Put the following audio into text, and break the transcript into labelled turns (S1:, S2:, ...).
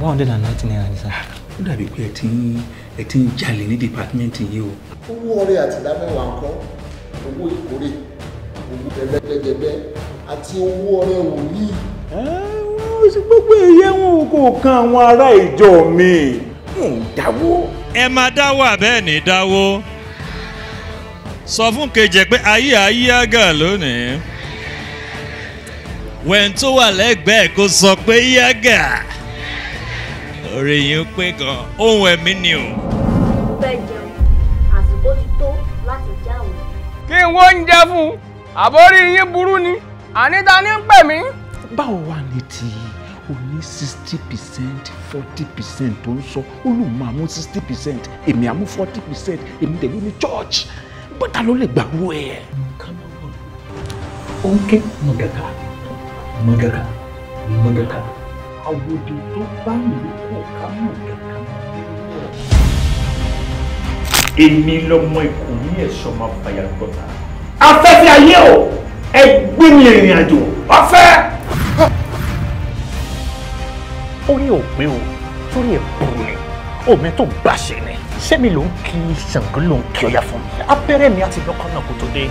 S1: one hundred and ninety naira ni sá. ó dàbí pé ẹ ti ń ẹ ti ń jalè ní dìpátímẹ́ǹtì yìí o. owó ọrẹ àtìlámẹ́wàá nǹkan owó ìkórè owó ẹlẹ́gbẹ́jẹgbẹ́ àti owó ọrẹ òní. ẹ wọ́n ṣe gbogbo èyẹ wọn kò kan àwọn ará ìjọ mi mò ń dáwó. ẹ máa dáwó àbẹ́ẹ̀ ní dáwó sọ fún kejì ẹ pé ayé ayé àgà lónìí wẹ̀ǹtó wà lẹ́gbẹ̀ẹ́ kó sọ pé yàgà orí yín pé gan ohun ẹ̀mí ni o. bẹ́ẹ̀ jẹun àsìkò ti tó láti já òun. kí n wo oúnjẹ fún un àbórí yín burú ni àníta ní ń pè mí. báwo wà ní ti oní sixty percent forty percent tó ń sọ olùmọ àmú sixty percent èmi àmú forty percent èmi tẹ̀lé ní church bọ́tà ló lè gbàgbó ẹ̀. ó ń ké mọ̀gàkà mọ̀gàkà mọ̀gàkà àwòdì tó bá ìlú kò ká mọ̀ kankan nínú ẹ̀. èmi lọmọ ikùn ní ẹ̀ṣọ́ máa fàyà gbọ́ta. afẹ́fẹ́ ayé o ẹ gbé mi ìrìn àjò ọ̀fẹ́. orí ò pé o torí ẹ̀ burú ni omi tó gbàṣẹ ni sẹ́mi ló ń kí ṣàǹgó ló ń kí ọya fún mi abẹ́rẹ́ mi àti lọ́kọ́ náà kò tó dé